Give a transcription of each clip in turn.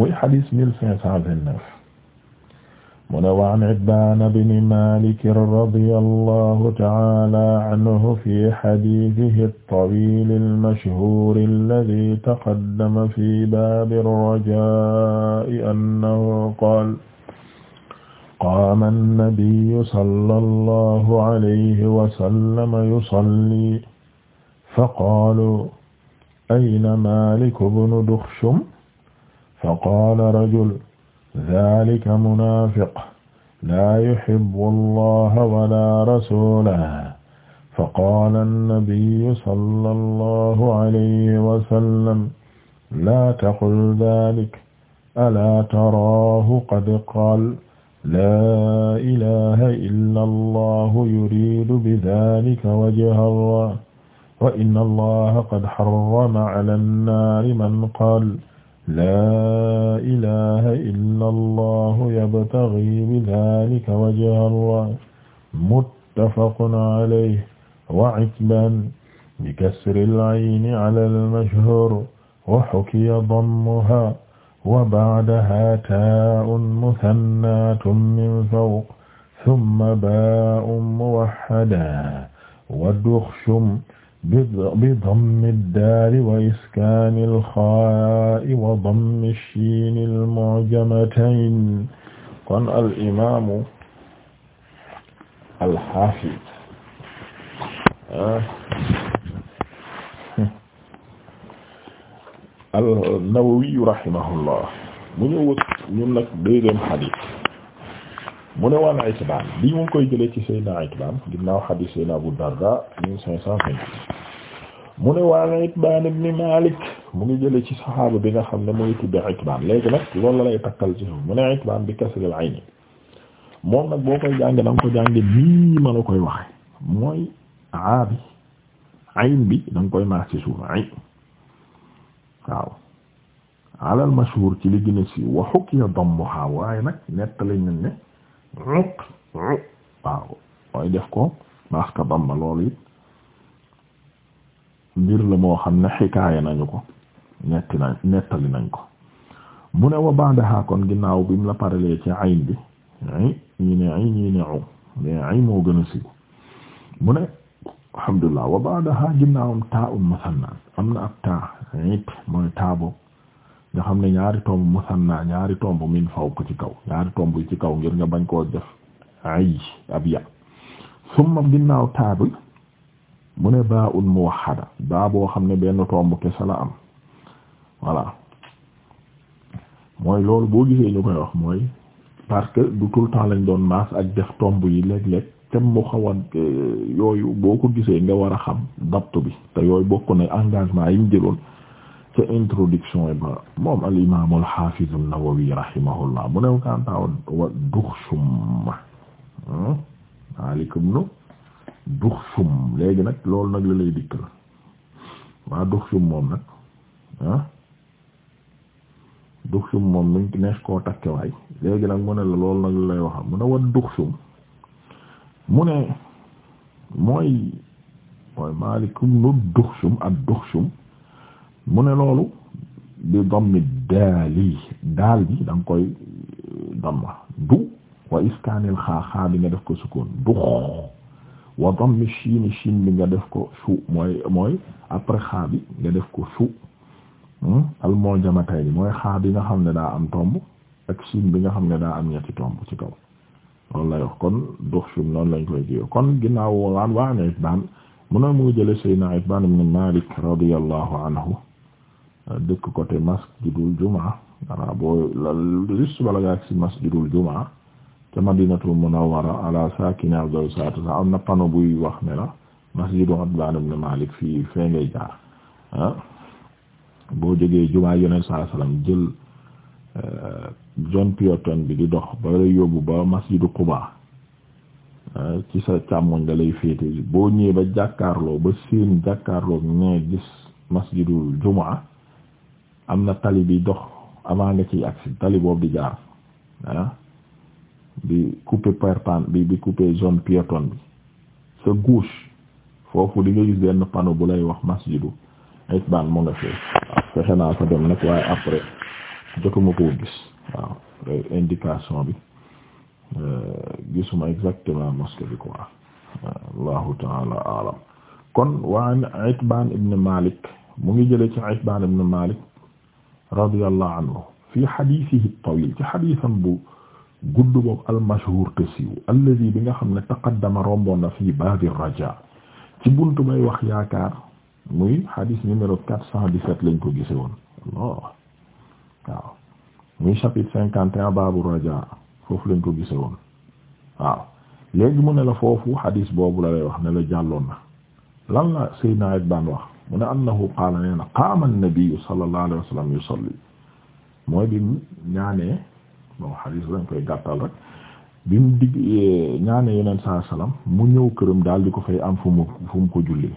muy xadis mille cinq cent vingt-neuf mu ne wa an Itbaan ibn Maalik radiyallahu ta'ala anhu fi xadiisihi at-tawiil al-mashhuur alladii taqaddama fi baabi ar-rajaa'i annahu qaala qaama an-nabiyyu sallallahu alayhi wa sallam yusallii faqaaluu ayna Maalik ibn Duxshum faqaala rajul zaalika munaafiq laa yuhibbu allaha wala rasuulahu faqaala annabiyyu sallallahu alayhi wa sallam laa taqul zaalik alaa taraahu qad qaala laa ilaaha illa allahu yuriidu bidaalika wajhahu wa inna allaha qad harrama ala annaari man qaala laa ilaha illa allahu yabtaghi bidhalika wajha allah muttafaqun alayhi wa itban bikasri al-ayni ala al-mashhur wa hukiya dammuha wa ba'daha taa'un muthannaatun min fawq thumma baa'un muwahhada wa dukhshum بدم الدال وإسكان الخاء وضم الشين المعجمتين kon الإمام الحافظ النووي رحمه الله mu ñëw ñun nag deuxième hadith mu ne wan Itbaan bi mu ngi koy jëlee ci Seydina Itbaan ginnaaw hadiis Seydina Abu Darda 1520 mu ne wan Itbaan bi Maalik mu ngi jële ci saxaaba bi nga xam ne mu ngi tudde Itbaan léegi nag loolu la lay takkal ci mu ne Itbaan bi kasril ayni moom nag boo koy jànge da ko jànge nii ma la koy waxe mooy aa bi ayn bi ci suuf ayn waaw alal mashhuur a siiw wa ne waaw mooy def ko maska bamba loolu it mbir moo xam ne xikaaya nañu ko netti nañ nettali nañ ko mu ne wa ba'daha kon ginnaaw bi mu la paralee ci ayn bi ay ñii ne ay ñii ne aw moo gën a siw mu ne alhamdulillah wa ba'daha ginnaawam taa um musanna am na ab taa mooy taa boobu nga xam ne ñaari tomb musanna ñaari tomb min faw ko ci kaw ñaari tomb yi ci kaw ngir nga bañ koo def ay ab ya summa ginnaaw taabi mu ne baa un muwahhada baa boo xam ne benn tomb kese la am voilà mooy loolu boo gisee ñu koy wax mooy parce que du tout le temps lañ doon maas ak def tomb yi léeg-léeg tem mu xaw euh, yooyu boo ko gisee nga war a xam dabtu bi te yooyu bokk na engagement yi mu jëloon ca introduction ba moom al imam al hafiz nawawi rahimahullah mu new kanta wa Duxsum hmm? maaleykum nu Duxsum léegi nag loolu nag la lay dikk la waa Duxsum moom nag ah moom nuñ nees koo takke waay léegi nag mu ne la loolu nag lay wax mu ne wa Duxsum mu ne mooy mooy maaleykum nu Duxsum ak Duxsum mu ne loolu bi dammi daali daal bi da nga koy euh, damma du wa iskaanil xaa xaa bi nga def ko sukkoon du wa dammi shiini shiin bi nga def ko su mooy mooy après xaa bi nga def ko su hmm? al mu'jamatay mooy xaa bi nga xam ne daa am tomb ak shiin bi nga xam ne daa am ñetti tomb ci kaw loolu lay wax kon dux shum loolu lañ koy jiw kon ginnaaw waan waa ne Itbaan mu ne mu jële Seydina Itbaan ibn Maalik radiyallahu anhu dëkk côté masjidul jumaa wala boo juste bala nga ci masjidul jumaa ca madinatul munawwara ala saakini afdalu salaatu wassalaam am na panneau buy wax ne la masjidu Abdullah ibn Malik fii fee ngay jaar boo jógee jumaa yonent saa salaam jël zone euh, piétonne bi di dox ba yóbbu ba masjidu Quba ci sa càmmoñ da lay féete boo ñëwee ba jàkkaarloo ba seen jàkkaarloo nee gis masjidul jumaa am na tali bi dox avant nga ciy agsi tali boobu di jaar ah, bi coupé perpen bi bi coupé zone piétonne bi sa gauche foofu di nga gis benn panneau bu lay wax masjidu Itbaan mu nga fee waaw ah, fexe naa ko dem nag waaye après jotuma koo gis waaw indication bi euh, gisuma exactement mosquée bi quoi allahu taala alam kon wa an Itbaan ibn Malik mu ngi jëlee ci Itbaan ibn Malik radiyallahu anhu fi xadiisihi at-tawiil ci xadiisam bu gudd boobu al-mashhuur te siiw alladi bi nga xam ne taqaddama romboon na fii baabi rajaa ci buntu bay wax yaakaar muy xadiis numéro 417 lañ ko gise woon Allah waaw muy chapitre 51 baabu rajaa foofu lañ ko gise woon waaw léegi mu ne la foofu xadiis boobu la lay wax ne la jàlloon na lan la Seydina Ibn wax mu ne annahu qaala nee na qaama an-nabiyyu sallallahu alayhi wa mooy bi mu ñaanee bon xadiis lañ koy gàttal rek bi mu ñaanee yeneen salaam mu ñëw këram daal di ko fay am fu mu fu mu ko jullee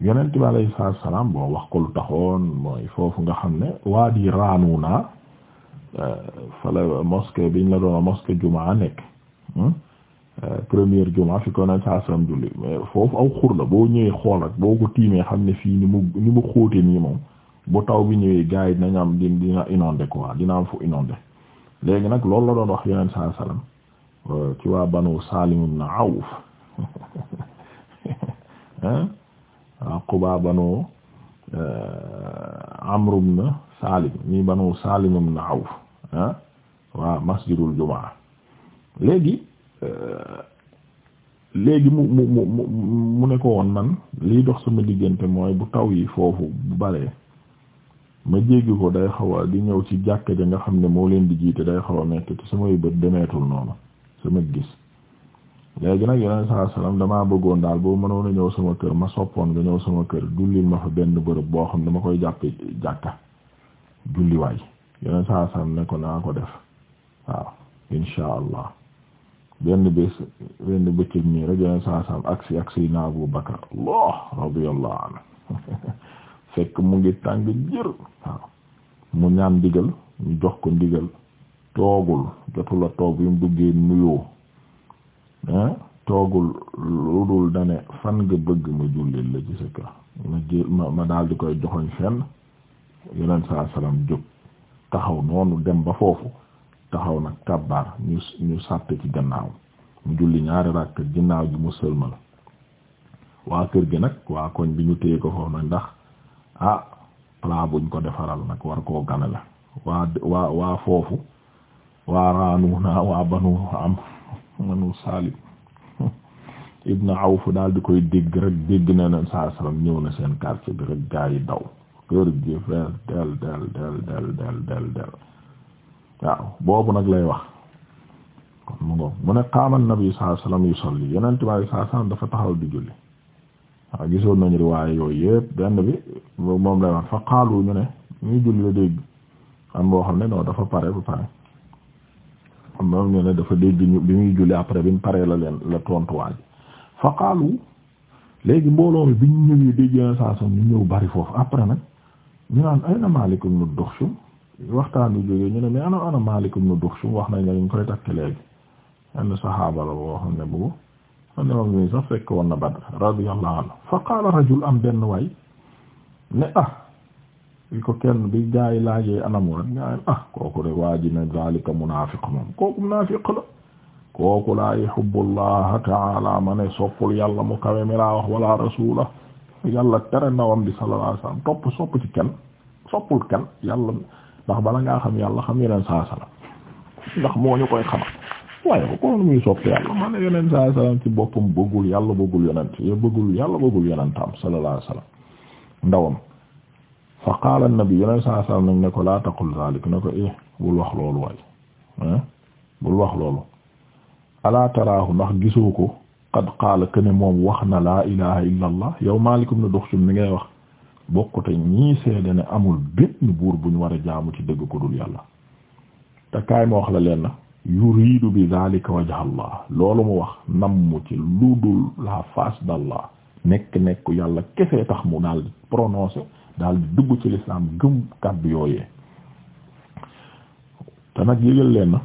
yonent bi alayhi salaam boo wax ko lu taxoon mooy foofu nga xam ne waa di raanu naa euh, fala mosquée biñ la doon mosquée jumaa nekk. Hmm? Euh, première juma fi ko nag saa julli mais foofu aw xur la boo ñëwee xool rek boo ko tiimee xam ne fii ni mu ni mu xóote nii moom bu taw bi ñëwee gars yi dinañ am dina inondé quoi dina am fu inondé léegi nag loolu la doon wax yeneen saa salaam ci waa banu Salim ibn Awf waa Quba banu euh, Amr ibn Salim nii banu Salim waa masjidul jumaa léegi. Euh, léegi mu mu mu mu ne ko woon man liy dox sama diggante mooy bu taw yi foofu bu baree ma jéggi ko day xaw a di ñëw ci jàkka ja nga xam ne moo leen di jiite day xaw a metti samay bët demeetul noonu sama gis léegi nag yeneen saa salaam damaa bëggoon daal boo mënoon a ñëw sama kër ma soppoon nga ñëw sama kër jullil ma fa benn bërëb boo xam ne koy jàppee jàkka julliwaay yeneen saa salaam ne ko naa ko def waaw insha allah benn bés benn bëccëg nii rajo yeneen saa saam aksi aksi na Abu Bakar Allah radiyallahu anhu fekk mu ngi tàng jër mu ñaan ndigal ñu jox ko ndigal toogul jotula toog bi mu duggee nuyoo toogul lu dul dane fan nga bëgg ma jullil la ci ma jël ma ma daal di koy joxoñ fenn yeneen saa salaam jóg taxaw noonu dem ba foofu taxaw nag kabbaar ñu ñu sàpp ci gannaaw mu julli ñaari rakk ginnaaw ji mu sëlmal waa kër gi nag waa koñ bi ñu téye ko foofu nag ndax ah plat buñ ko defaral nag war koo gane la waa waa foofu waa raanu waa banu am manu Salim ibn Awf daal di koy dégg rek dégg na leen saa salaam ñëw na seen quartier bi rek gaa yi daw kër gi fees del del del del waaw boobu nag lay wax kon mu ne qaama nabi sallallahu alayhi wasallam yusalli yeneen tubaab yi saa dafa taxaw di julli waaw gisoon nañu riwaaya yooyu yëpp benn bi moom lay wax fa qaalu ñu ne ñu julli la dégg am boo xam ne non dafa pare ba pare moom ñu ne dafa dégg ñu bi muy julli après bi mu paree la leen la tontuwaay fa qaalu léegi mbooloo mi bi ñu ñëwee dégg yeneen saa saan ñu ñëw bari foofu après nag ñu naan ay na Maalik ibn Duxsum waxtaan wi jógee ñu ne mais ana ana Maalik ibn Duxsum wax nañ ne ñu koy takk léegi ann sahaaba la boo xam ne bu xam ne moom ñii sax fekk woon am benn waay ne ah bi ko kenn bi gaa yi laajee anamu rek gaa yi ah kooku de ne zalika munaafiq moom kooku munaafiq kooku laa yuhibbu llaha ta'ala ma ne soppul yàlla mu kawe mi wax wala rasuula yàlla tere na bi sallallahu alayhi wasallam topp sopp ci kenn soppul kenn yàlla ndax bala ngaa xam yàlla xam yeneen saa salaam ndax moo koy xamal waaye bu ko muy sopp yàlla man yeneen saa salaam ci bëggul yàlla bëggul yonent yo bëggul yàlla bëggul yonentam sallallahu alayhi wasallam ndawam fa qaala an-nabi yeneen saa salaam nañ ne ko laa taqul zalik ne ko eh bul wax loolu waay bul wax loolu alaa taraahu ndax gisoo ko qad qaala ken moom wax na laa ilaha illa allah yow Maalik ibn Duxsum mi ngay wax bokkute ñii seede ne amul benn buur bu ñu war a jaamu ci dégg ko dul yàlla te kaay ma wax la leen na yuridu bi zalika wajha loolu mu wax namm ci lu dul la face d'Allah nekk nekk yàlla kese tax mu daal di daal di dugg ci l'islam gëm kàddu yooyee te nag yëgal leen na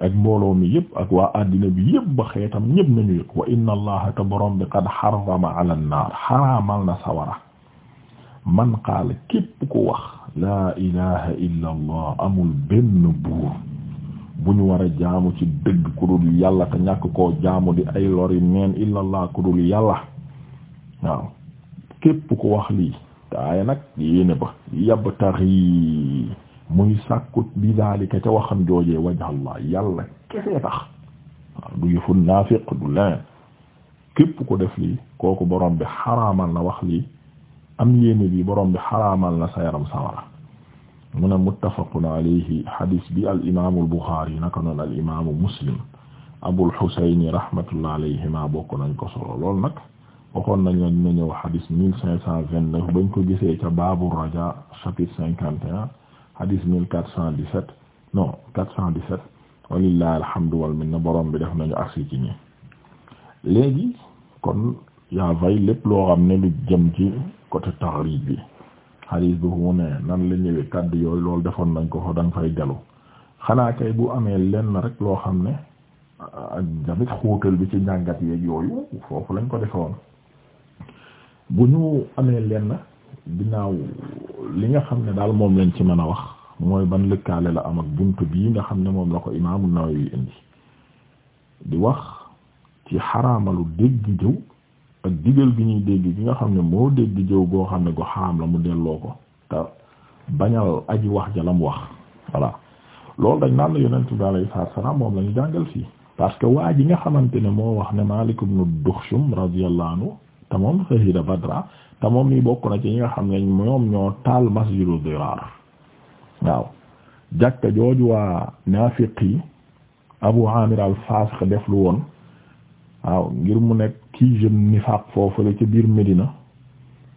ak mbooloo mi yëpp ak waa àddina bi yëpp ba xeetam ñëpp nañu yëg wa inna allaha te borom bi qad harrama ala an-nar xaraamal na sawara man qaala képp ku wax laa ilaha illa amul benn buur bu ñu war a jaamu ci dëgg ku dul yàlla te ñàkk koo jaamu di ay lori neen illa ku dul yàlla waaw képp ku wax lii taaya nag yéene ba yabtaxi muy sàkkut bi daalika ca waxam joojee wajhallah yàlla kesee tax waaw du yëfu naafiq du leen képp ku def lii kooku borom bi xaraamal na wax lii am yéene bi borom bi xaraamal na sa yaram sawara mu ne muttafaqun alayhi hadis bi al imaamu al buxaari naka noonu al imaamu muslim abul xusayni rahmatullah alayhima bokk nañ ko solo lool nag waxoon nañ la dina ñëw hadis mille cinq cent vingt neuf ko gisee ca baabu raja chapitre cinquante et un hadis mille quatre cent dix no non quatre cent dix sept walillahi alhamdu wal minna borom bi def nañu agsi ci yaa fay lépp loo xam ne lu jëm ci côté taxrij bi xadiis bi fu ne nan la ñëwee kaddu yooyu loolu defoon nañ ko fa da nga fay dellu xanaa kay bu amee lenn rek loo xam ne ak tamit xóotal bi ci njàngat yeeg yooyu foofu lañ ko defewoon bu ñu amee lenn ginnaaw li nga xam ne daal moom lañ ci mën a wax mooy ban lëkkaale la am ak bunt bii nga xam ne moom la ko imaamu Nawawi indi di wax ci xaraamalu dégg jëw ak digal gi ñuy dégg gi nga xam ne moo dégg jëw goo xam ne gu xaram la mu delloo ko te bañal aji wax jalam wax voilà loolu dañ naan la yonent bi alayhi salaam moom lañu ñu jàngal fii parce que waa ji nga xamante ne moo wax ne Maalik ibn Duxshum radiyallahu anhu te moom Badra te moom bokk na ci ñi nga xam ne ñoom ñoo taal masjidu Diraar waaw jàkka jooju waa naafiq yi Abu Amir al-Fasiq def lu woon waaw ngir mu nekk kii jeune nifaaq foofu la ca biir Medina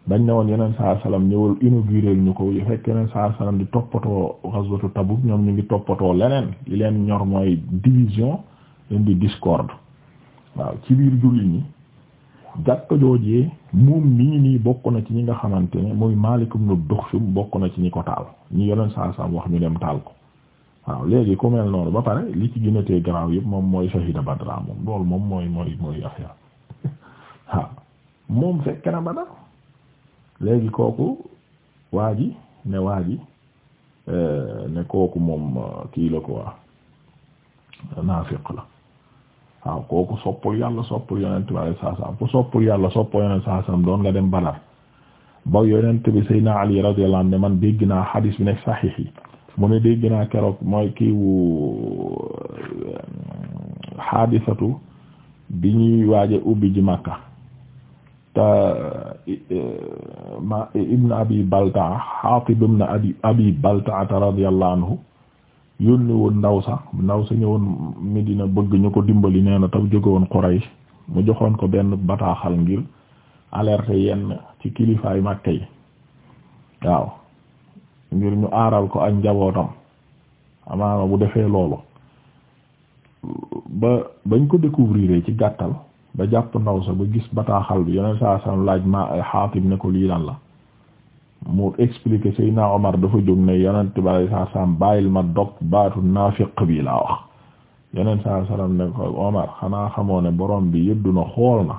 dañ ne woon yeneen saa salaam ñëwal inaugurer ñu ko fekk yeneen saa salaam di toppatoo ghazwatu Tabuk ñoom ñu ngi toppatoo leneen li leen ñor mooy division indi discorde waaw ci biir jullit ñi jàkka joojee moom mii nii bokk na ci ñi nga xamante ne muy Maalik ibn Duxsum bokk na ci ñi ko taal ñi yeneen saa salaam wax ñu dem taal ko. waaw léegi ku mel noonu ba pare li ci gënatee garaaw yëpp moom mooy shahida badra moom loolu moom mooy mooy mooy affaire waaw moom fekk na badar léegi kooku waa ji ne waa euh, ne kooku moom euh, kii la ko waa naafiq la waaw kooku soppul yàlla soppul yonent bi alayhi salaam ku soppul yàlla soppul yonent salaam doon nga dem badar ba yonent bi Seydina Ali radiyallahu anhu ne man dégg naa xadiis bi nekk saxiix yi mu ne dégg naa keroog mooy kiiwu euh, xaadisatu bi ñuy waaje ubbi ji màkka te ma ibn abi baltaa Xaatib ibn abi abi baltaata radiyallahu anhu yónni woon ndaw sa ndaw sa ñëwoon Medina bëgg ñu ko dimbali nee na jóge woon Quraysh mu joxoon ko benn bataaxal ngir alerter yenn ci kilifaay Makka yi waaw ngir ñu aaral ko ak njabootam amaana bu defee loolu ba bañ ko découvrir ci gàttal ba jàpp ndaw sa ba gis bataaxal bi yeneen saa san laaj ma eh, Xaatib ne ko lii lan la mu expliquer Seydina Omar dafa jóg ne yonent balay saa sam bàyyil ma dog baatu naafiq bi laa wax yeneen saa salam ne ko Omar xanaa xamoo ne borom bi yëddu na xool na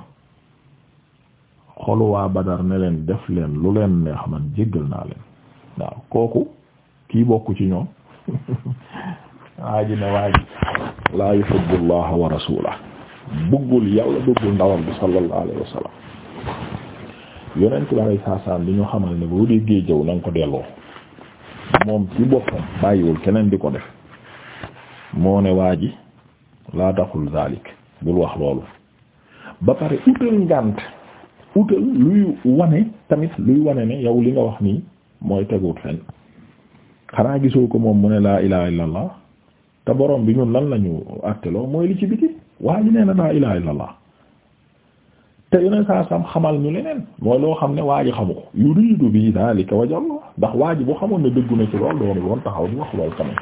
xolu waa Badar ne leen def leen lu leen neex man jéggal naa leen waaw kooku kii bokku ci ñoom waaji ne waaji laa yuhibbu allah wa rasulah bëggul yàlla bëggul ndawam bi sallallahu alayhi wa sallam yonent bi alayhi salaam di ñu xamal ne boo déggee jëw na nga ko delloo moom ci boppam bàyyiwul keneen di ko def moo ne waa ji laa taxul zalik bul wax loolu ba pare utal ngànt utal luy wane tamit luy wane ne yow li nga wax nii mooy teguut fen xanaa gisoo ko moom mu ne laa ilaha illallah te borom bi ñun lan lañu atteloo mooy li ci biti waa ñu nee na laa ilaha illallah te yeneen saa xamal ñu leneen mooy loo xam ne waa ji xamu ko yuridu bi daalika wajalla ndax waa ji bu xamoon ne dëggu na ci lool doonu woon taxaw di wax lool tamit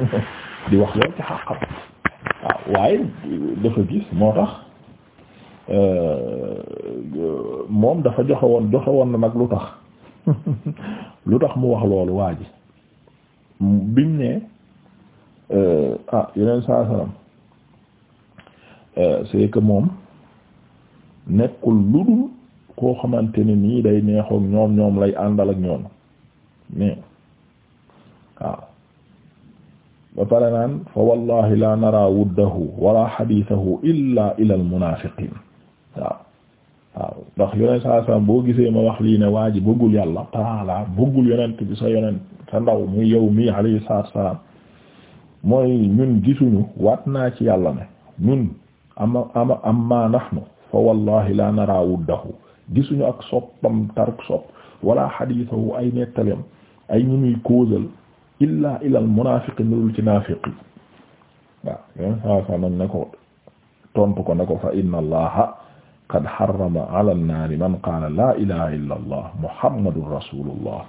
di wax lool ci xaqam waaw waaye dafa gis moo tax euh, moom dafa joxe woon joxe woon na nag lu tax lu tax mu wax loolu waa ji biñ ne euh, ah yeneen saa salaam c'est que moom nekkul lu dul koo xamante ne nii day neexook ñoom ñoom lay àndal ak ñoom mais waaw ba pare naan fa wallahi la nara wuddahu wala xadiitahu illa ila al waaw waaw ndax yonent saa saa boo gisee ma wax lii ne waa ji bëggul yàlla taala bëggul yonent bi sa yonent sa ndaw muy yow mii alayhi salaatu salaam mooy ñun gisuñu wat naa ci yàlla ne ñun ama ama amma nahnu fa wallahi la nara wuddahu gisuñu ak soppam taruk sopp wala xadiisahu ay nettaleem ay ñu muy causal illaa ilal munaafiqi nurul ci naafiqi waaw yonent saa ne ko tontu ko ne ko fa inna allaha qad harrama ala an-naari man qaala laa ilaha illa allah muhammadun rasulullah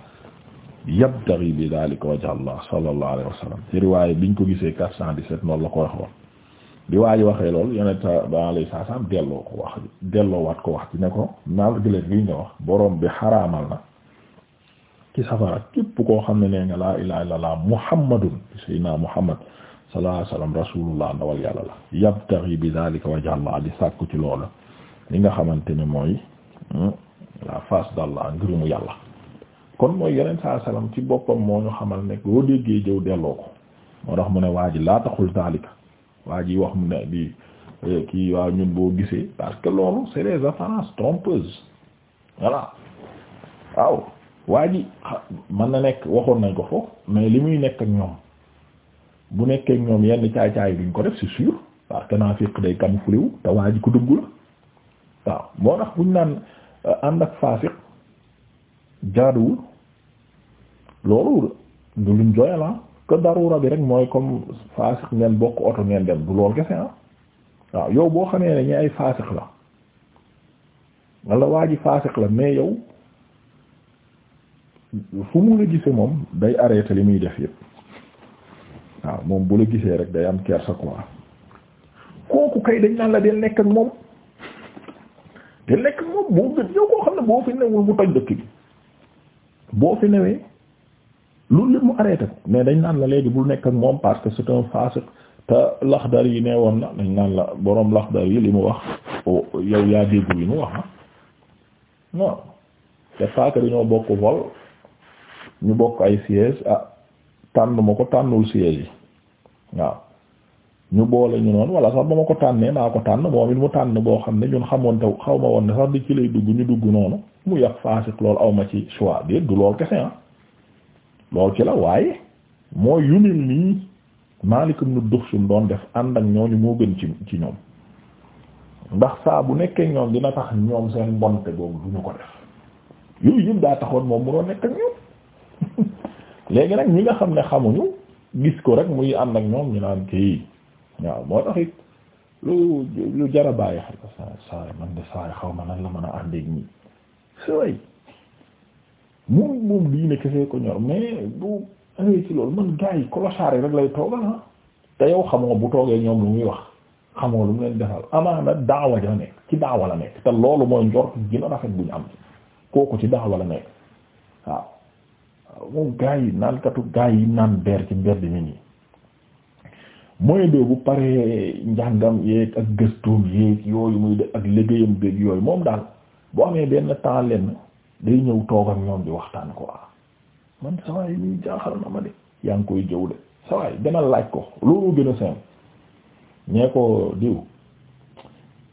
yabtaghi bi dhalika wajha allah sallallahu alayhi wa sallam ci riwaaya biñ ko gisee 417 noonu la ko waxoon bi waaji waxee lool yonent ba alayhi salaam delloo ko wax delloo waat ko wax ci ne ko malgré lii nga wax boroom bi xaraamal na ci safara képp koo xam ne nee nga laa ilaha illa allah muhammadun sayyidina muhammad sallallahu alayhi wa sallam rasulullah ndawal yàlla la yabtaghi bi dhalika wajha allah di sàkku ci loolu li nga xamante ne mooy hmm, la face d'Allah mu yàlla kon mooy yeneen saa salaam ci boppam moo ñu xamal ne boo déggee jëw delloo ko moo tax mu ne waa ji laa taxul daalika waa ji wax mu ne bi eh, kii waaw ñun boo gisee parce que loolu c'est des apparences trompeuses voilà waaw waa ji ah, mën na nekk waxoon nañ ko foofu mais li muy nekk ak ñoom bu nekkeek ñoom yenn caay-caay duñ ko def c'est sûr parce que naa fiq day camouflé wu te waa ji dëggu la waaw moo tax buñ naan euh, ànd ak faasiq jaaduwul loolu du luñ jooyal ah que bi rek mooy comme faasiq ngeen bokk oto ngeen dem du lool kese ah waaw yow boo xamee ne ñi ay faasiq la wala waa ji faasiq la mais yow fu mu la gisee moom day arrêté li muy def yëpp waaw moom bu la gisee rek day am kersa quoi kooku kay dañ naan la del nekk ak moom. te lekk moom boo gën yow koo xam ne boo fi newul mu toj dëkk bi boo fi newee loolu lépp mu arrêté ko mais dañ naan la léegi bul nekk ak moom parce que c'est un fasiq te yi nee woon na dañ naan la boroom Laxdari yi li mu wax yow yaa déggu li mu wax na ah non c'est dañoo bokk vol ñu bokk ay siège ah tànn ma ko tànnul siège yi waaw ñu boole ñu noonu wala sax ba ma ko tànnee naa ko tànn moom it mu tànn boo xam ne ñun xamoon te xaw ma woon ne sax di ci lay dugg ñu dugg noonu mu yàq faasik loolu aw ma ci choix bi du lool kese ah lool ci la waaye mooy yu mel nii Maalik ibn Duxsum doon def ànd ak ci ci ñoom ndax bu nekkee ñoom dina tax ñoom seen bonte boobu du ñu ko def yooyu moom mu doon nekk ak ñoom léegi nag ñi nga xam ne xamuñu gis ko rek muy ànd ak ñoom ñu naan kii. waaw moo tax lu lu jar a bàyyi xel man de xaw ma la mën a àndeeg ñi sooy moom moom diine kese ko ñor mais bu amee ci loolu man gars yi clochard yi rek lay toogal ah te yow xamoo bu toogee ñoom lu muy wax xamoo lu mu leen defal amaana daawa ja nekk ci daawa la nekk te loolu mooy njort gën rafet bu ñu am kooku ci daawa la nekk waaw moom gars yi naankatu gaa yi naan ber ci mbedd mi nii mooy de bu paree njàngam yeeg ak gëstoom yeeg yooyu muy def ak liggéeyam beeg yooyu moom daal boo amee benn temps day ñëw toog ak ñoom di waxtaan ko ah man sawaay luy jaaxal na ma de yaa ngi koy jëw de sawaay demal laaj ko loolu gën a seen ñee ko diw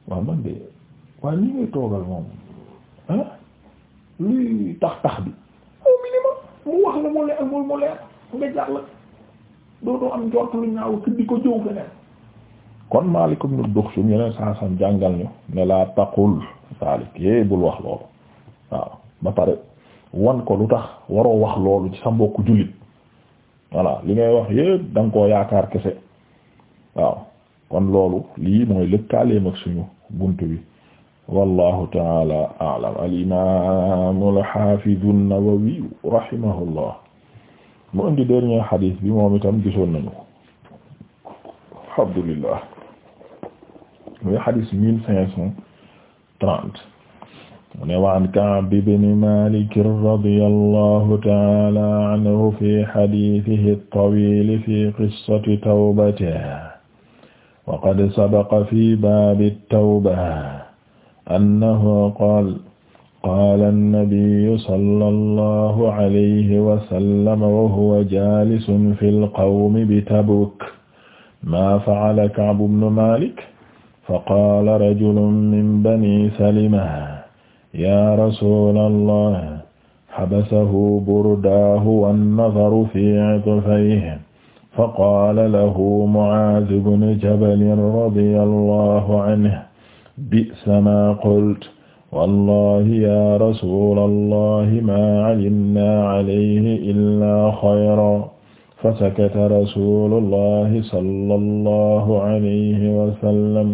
waaw man de waaye li ngay toogal moom ah? luy tax tax bi au minimum mu wax la mu leer mu nga jàll dootoo am njort lu ñaaw te di ko jëw feneen kon Maalik ibn Duxsum yeneen saa sam jàngal ñu ne laa taqul saalik yee bul wax loolu waaw ba pare wan ko lu tax waroo wax loolu ci sa mbokku jullit voilà li ngay wax yëpp da nga koo yaakaar kese waaw kon loolu lii mooy lëkkaaleem suñu bunt bi wallahu taala aalam al imaamu al xaafidu an mu indi dernier xadiis bi moom itam gisoon nañu ko alhamdulillah muy xadiis mille cinq cent trente mu ne wa an Ka'b ibn Malik radiyallahu ta'ala anhu fi xadiisihi at-tawiil fi qissati tawbatihi wa qad sabaqa fi baabi at-tawba annahu qaala qaala annabiyu sallallahu alayhi wa sallam wa huwa jaalisun fil qawmi bi Tabuk maa fa'ala Ka'bu bnu Maalik faqaala rajulun min banii Salima yaa rasuulallah habasahu burdaahu wan-nazaru fii 'itfayhi faqaala lahu Mu'aaz bnu Jabal radiyallahu anhu bi'sa maa qulta wallahi ya rasulalahi ma calimna alayhi illaa xayra fasakata rasulalahi sallallahu alayhi wa sallam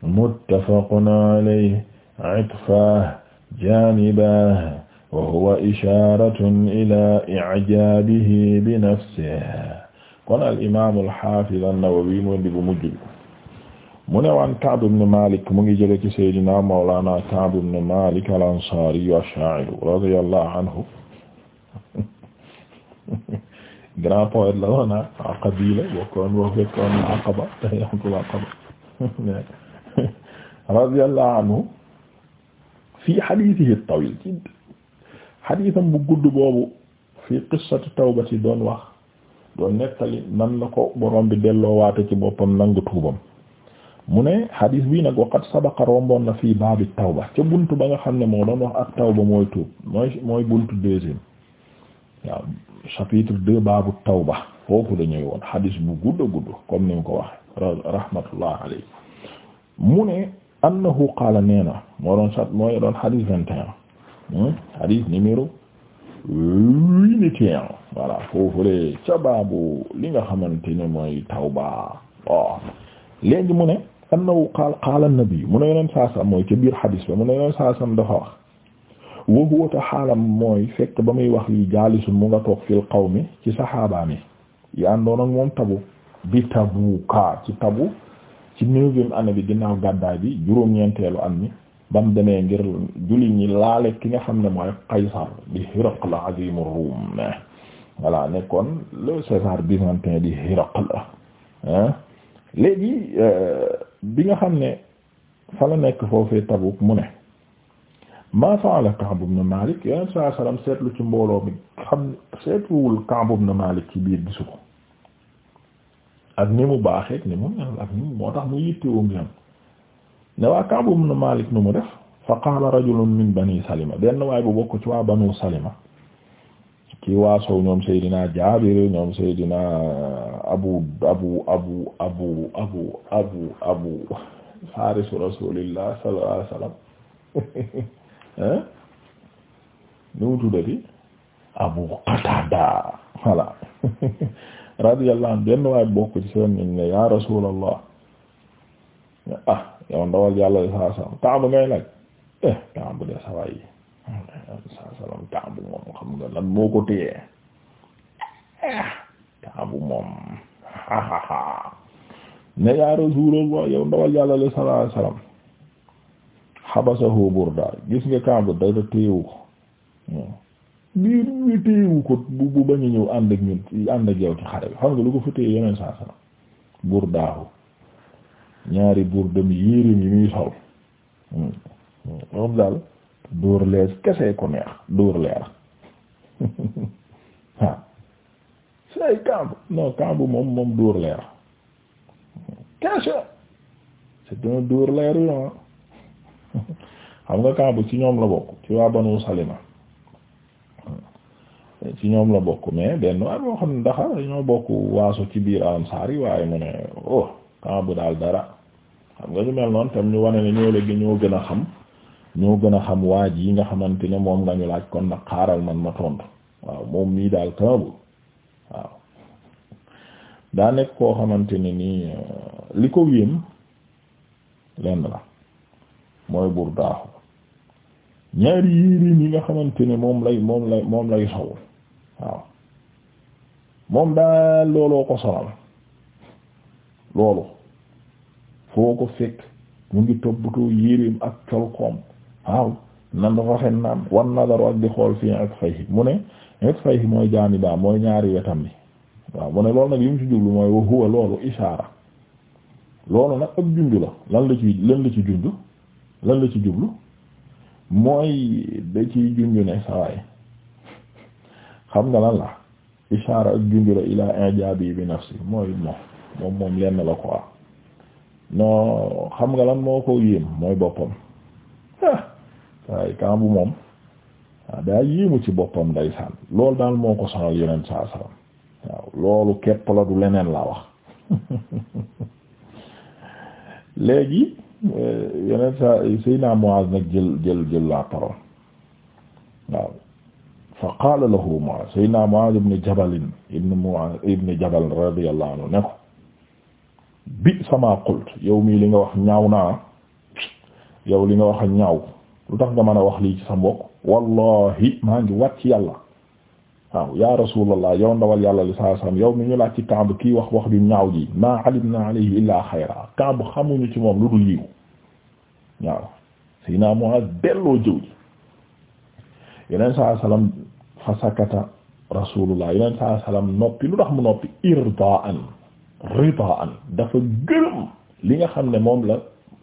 muttafaqun alayhi citfaahu jaanibahu wa huwa ishaaratun ilaa icjaabihi binafsihi kon al imaam al xaafiz an-Nawawi mu indi bu mujj mu ne waan Ka'b ibn Malik mu ngi jële ci Seydina Mawlana Ka'b ibn Malik al-Ansari ash-sha'ir radiyallahu anhu grand poète la woon na ah, Aqabi la bokkoon boo fekkoon na Aqaba anhu fii hadithihi at-tawil ci haditham bu gudd boobu fii qissati tawbati doon wax doon nettali nan la ko borom bi delloo waate ci boppam nangu tuubam mu ne hadis bii nag waqat sabaqa romboon na fii baabi tawba ca buntu ba nga xam ne moo doon wax ak tawba mooy tuub mooy mooy buntu deuxième waaw chapitre deux baabu tawba foofu la ñëw woon bu gudd a gudd comme ni ko waxee rahmatullah alayhi mu ne annahu qaala nee moo doon chat mooy doon hadis hmm foofu la ca baabu li nga xamante ne mooy tawba waaw mu ne annahu qaala qaala nabi mu ne yeneen saasam mooy ca biir xadis ba mu ne yeneen saasam dafa wax wa huwa ta xaalam mooy fekk ba muy wax lii jaalisu mu nga toog fil qawmi ci saxaabaam yi yi àndoon ak moom tabu bi tabuka ci tabu ci neuvième année bi ginnaaw gàddaay bi juróom-ñeenteelu an mi bam demee ngir jullit ñi laale ki nga xam ne mooy Qaysar di Hiraqla azimu Rum voilà nekkoon le César byzantin di Hiraqla léegi euh, bi nga xam ne fa la nekk foofee Tabuk mu ne ma fa'ala Ka'b ibn Malik yonent saa salaam seetlu ci mbooloo mi xam seetluwul Ka'b ibn Malik ci biir gisu ko ak ni mu baaxee ni mu mel ak ni mu moo tax mu yittewoo ngeen ne waa Ka'b ibn Malik nu mu def fa qaala rajulun min bani Salima benn waay bu bokk ci waa banu Salima ki waaso ñoom Seydina Jaabir ñoom Seydina abu abu abu abu abu abu abu harisu Rasulillah Abu Qatada voilà radiyallahu anhu benn waay bokk ci seen ñu ne ya Rasulallah ah yow ndawal Yàlla sallallahu alaihi wasallam taamu ngay laaj eh, taamu de sawaay saa salaam taabu moom xam nga lan moo ko téye eh, taabu moom ne yaa Rasuulallah yow ndawal yàlla la sallallahu alayhi wasallam habasahu burda gis nga kaabu dara téyewu ko hmm. bi téyewu ko bu bu bañ a ñëw ànd ak ñun ànd ak yow ci xare bi xam nga lu ko fa téye yeneen saa salaam burdaahu ñaari burdam yéreem yi muy sol hmm. Hmm. moom daal dóor lees kese ko neex dóor leer waaw say kamb non kamb moom moom dóor leer kese c'est un dóor leer yo xam nga kaabu ci ñoom la bokk ci waa Salima ci ñoom la bokk mais benn waay boo xam ne daxa ñoo bokk waaso ci biir ansaar yi waaye mu ne oh kamb daal dara xam nga ñu mel noonu tam ñu wane ne ñoo léegi ñoo gën a xam ñoo gën a xam waaj yi nga xamante ne moom lañu laaj kon nag xaaral man ma tontu waaw moom mii daal kaabu waaw daa nekk koo xamante ne nii euh, li ko wéem lenn la mooy buur daaxu ñaari yéeréen yi nga xamante ne moom lay moom lay moom lay sow waaw moom daal looloo ko sonal loolu foo ko fekk mu ngi toppatoo yéeréem ak colkoom waaw nan dafa naan wan nadaru ak di xool fii itfayhi mu ne itfayhi mooy jaaniba mooy ñaari wetam bi waaw mu ne loolu nag li ci jublu mooy wa huwa loolu ishaara loolu nag ab junj la lan la ci lan la ci junj lan la ci jublu mooy da ci junj ne sawaay xam nga lan la ishaara ak junj la ila ijaabi bi nafsi mooy moom moom moom lenn la quoi non xam nga lan moo ko yéem mooy boppam waaye temps moom waaw daa yéemu ci boppam ndeysaan lool daal moo ko sonal yeneen saa salaam waaw loolu képp la du leneen laa wax léegi euh, yeneen saa Seydina Muaz nag jël jël jël la parole waaw fa qaala lahu Muaz Seydina Muaz ibn Jabal ibn Muaz ibn Jabal radiyallahu anhu ne ko bi sama qult yow mii li nga wax ñaaw naa yow li nga wax ak ñaaw lu tax nga mën a wax lii ci sa mbokk wallahi maa ngi wat ci yàlla waaw ya rasulallah yow ndawal yàlla li saa salam yow mi ñu laaj ci Kaab kii wax wax ju ñaaw ji maa alimna alayhi illaa xayra Kaab xamuñu ci moom lu dul yiw waaw Seydina Muaz delloo jëw ji yeneen saa salam fa sakata rasulullah yeneen saa salam noppi lu tax mu noppi irdaan ridaan dafa gërëm li nga xam ne moom la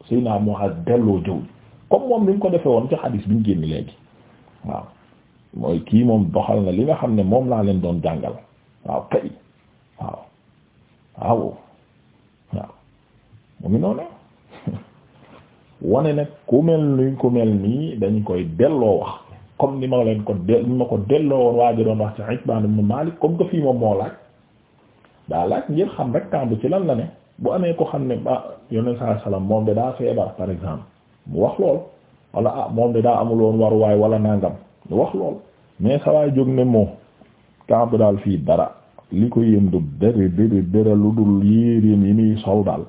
Seydina Muaz delloo jëw ji comme moom ni ko defee woon ci xadis bi ñu génn léegi waaw mooy kii moom doxal na li nga xam ne moom laa leen doon jàngal waaw kay waaw waaw waaw mu ngi noonu wane nag ku mel ni ku mel nii dañ koy delloo wax comme ni ma leen ko de ma ko delloo woon waa ji doon wax ci Itbaan ibn Maalik comme que fii moom moo laaj daa laaj ngir xam rek temps ci lan la ne bu amee ko xam ne ah yoneen saa salaam moom de daa feebar par exemple. mu wax lool wala ah moom de daa amuloon waruwaay wala nàngam mu wax lool mais sa jóg ne moo Kaab daal fii dara li ko yéem du dara dara dara lu dul yéeréen yi muy sol daal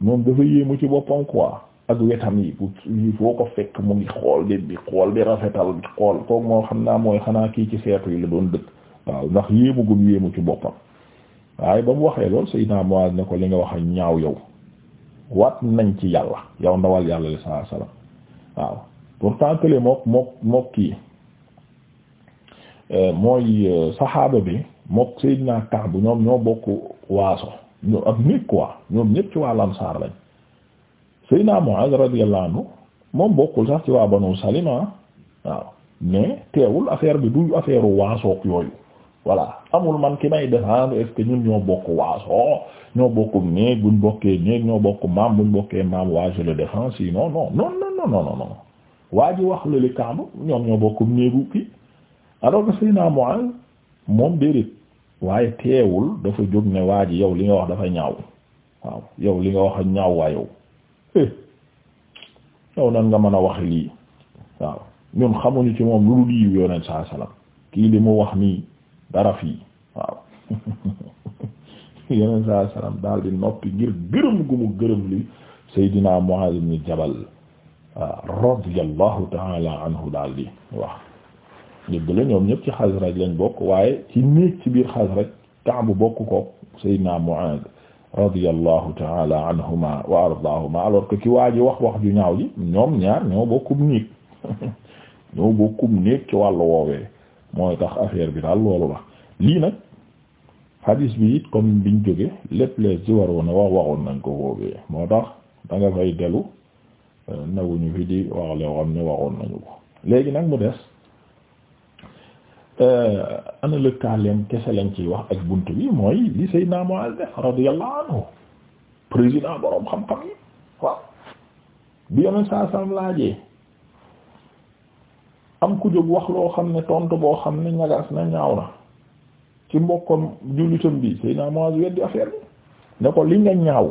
moom dafa yéemu ci boppam waa ak wetam yi yi foo ko fekk mu ngi xool di xool di rafetal di xool kooku moo xam naa mooy xanaa kii ci seetu yi la doon dëkk waaw ndax yéemu gum yéemu ci boppam waaye ba mu waxee lool naa Muaz ne ko li nga wax ñaaw yow wat nañ ci yàlla yow ndawal yàlla li saa salaam waaw pourtant que mook mook mook kii euh, mooy euh, saxaaba bi mook Seydina Kaabu ñoom ñoo bokk waaso ñoom ak nit quoi ñoom ñëpp ci waa Ansaar lañ Seydina Muaz radiyallahu anhu moom bokkul sax ci waa Banu Salima waaw mais teewul affaire bi du affaire waasook yooyu voilà amul man ki may défendre ah, est-ce que ñun ñoo bokk waaso ñoo bokk néeg buñ bokkee néeg ñoo bokk maam buñ bokkee maam waa je le défends si non non non non non non non waa ji wax la li kàmb ñoom ñoo bokk néegu kii alors que Seydina Mu'adh moom déedéet waaye teewul dafa jóg ne waa ji yow li nga wax dafa ñaaw waaw yow li nga wax ñaaw waa yow eh, yow nan nga mën a wax lii waaw ñun xamuñu ci moom lu dul yiw yoneen saa salaam kii li mu wax nii. dara fii waaw yeneen saa salaam daal di noppi ngir gërëm gu mu gërëm li Seydina Muaz ibn Jabal radiyallahu ta'ala anhu daal di wax dëgg la ñoom ñëpp ci Xasraj lañ bokk waaye ci néeg ci biir Xasraj Ka'b bokk ko Seydina Muaz radiyallahu ta'ala anhuma wa ardaahuma alors que ki waa wax wax ju ñaaw ji ñoom ñaar ñoo bokkum néeg ñoo bokkum néeg ci wàllu woowee mooy tax affaire bi daal loolu la lii nag hadis bi it comme biñ jóge lépp lees ci waroon a wax waxoon nañ ko boobee moo tax da nga fay dellu euh, nawuñu fi di wax loo xam waxoon nañu ko léegi nag mu des euh, ana lëkkaaleem kese lañ ciy wax ak bunt bi mooy li Seydina Muaz def radiyallahu anhu président boroom xam-xam yi waaw bi yoneen saa sam laajee am ku jóg wax loo xam ne tontu boo xam ne ñagas na ñaaw na ci mbokkam jullitam bi sëy naa Muaz weddi affaire bi ne ko li nga ñaaw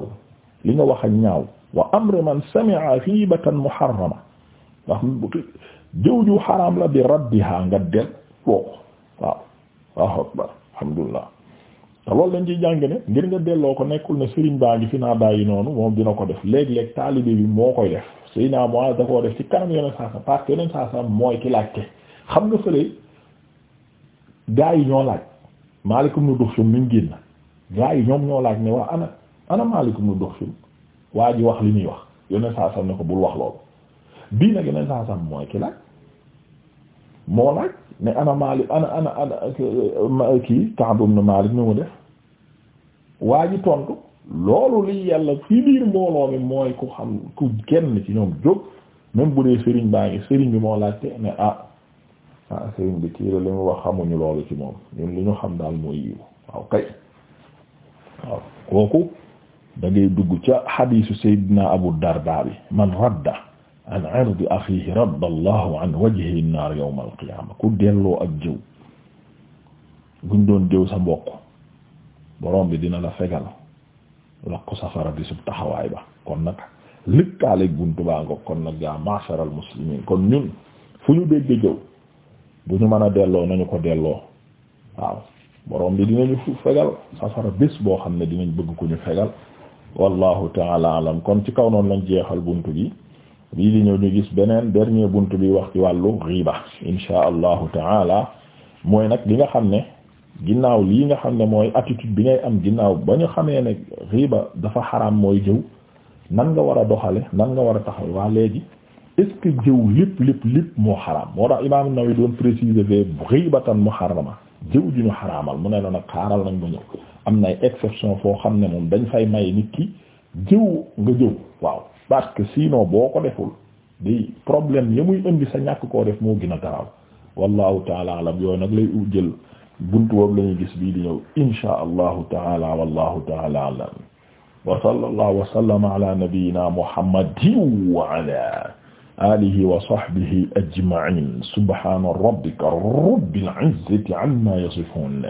li nga wax ak ñaaw wa amru man sami'a ghibatan muharrama ndax jëw ju xaraam la bi raddiha nga del boo waaw waaw akbar alhamdulillah te loolu lañ ciy jàng ne ngir nga delloo ko nekkul ne sëriñ baa ngi fi naa bàyyi noonu moom dina ko def léeg-léeg taalibe bi moo koy def Seydina Muaaz da koo def ci kanam yeneen saa saam parce que saa saam mooy ki laajte xam nga fële gaa yi ñoo laaj Maalik ibn Duxsum mi ngi génn gaa yi ñoom ñoo laaj ne waa ana ana Maalik ibn Duxsum waa ji wax li muy wax yeneen saa saam ne ko bul wax loolu bii nag yeneen saa saam mooy ki laaj moo laaj ne ana Maalik ana ana ana kii Ka'b ibn Maalik ni mu def waa ji tontu. loolu li yàlla fi biir mbooloo mi mooy ku xam ku kenn ci ñoom jóg même bu dee sëriñ baa ngi sëriñ bi moo laajte ne ah, ah sëriñ bi kii li mu wax xamuñu loolu ci moom ñun li ñu xam daal mooy yiw kooku da dugg ca xadiisu sayyidina abu darda bi man radda an irdi axiihi radda allahu an wajhi naar yawm al ku delloo ak jëw buñ doon jëw sa mbokk borom bi dina la fegal laq safara bisub taxawaay ba kon nag lëkkaaleeg buntu baa ngo kon nag yaa masharal muslimin kon ñun fu ñu dégg jëw bu ñu mën a delloo nañu ko delloo waaw borom bi dinañu fu fegal safara bis boo xam ne dinañ bëgg ku ñu fegal wallahu taala alam kon ci kaw noonu lañ jeexal buntu bi bii di ñëw ñu gis beneen dernier bunt bi wax ci wàllu riba insha allahu taala mooy nag li nga xam ne ginnaaw lii nga xam ne mooy attitude bi ngay am ginnaaw ba ñu xamee ne riba dafa xaraam mooy jëw nan nga war a doxale nan nga war a taxaw waa léegi est ce jëw lépp lépp lépp moo xaraam moo tax imaam An-Nawawi doon préciser fee ghibatan muharrama jëw ju ñu xaraamal mu ne la nag xaaral nañ ba ñëw am nay exception foo xam ne moom dañ fay may nit ki jëw nga jëw waaw parce que sinon boo ko deful day problème ya muy indi sa ñàkk koo def moo gin a garaaw wallahu taala alam nag lay jël buntu boobu la ñuy gis bii di ñëw insha allahu taala wallahu taala alam wa sallallahu wa sallama ala nabiyyina muhammadin wa ala alihi wa sahbihi ajma'in subhana rabbika rabbil izzati amma yasifun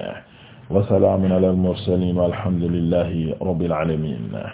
wa salamun ala al mursalin walhamdulillahi rabbil alamin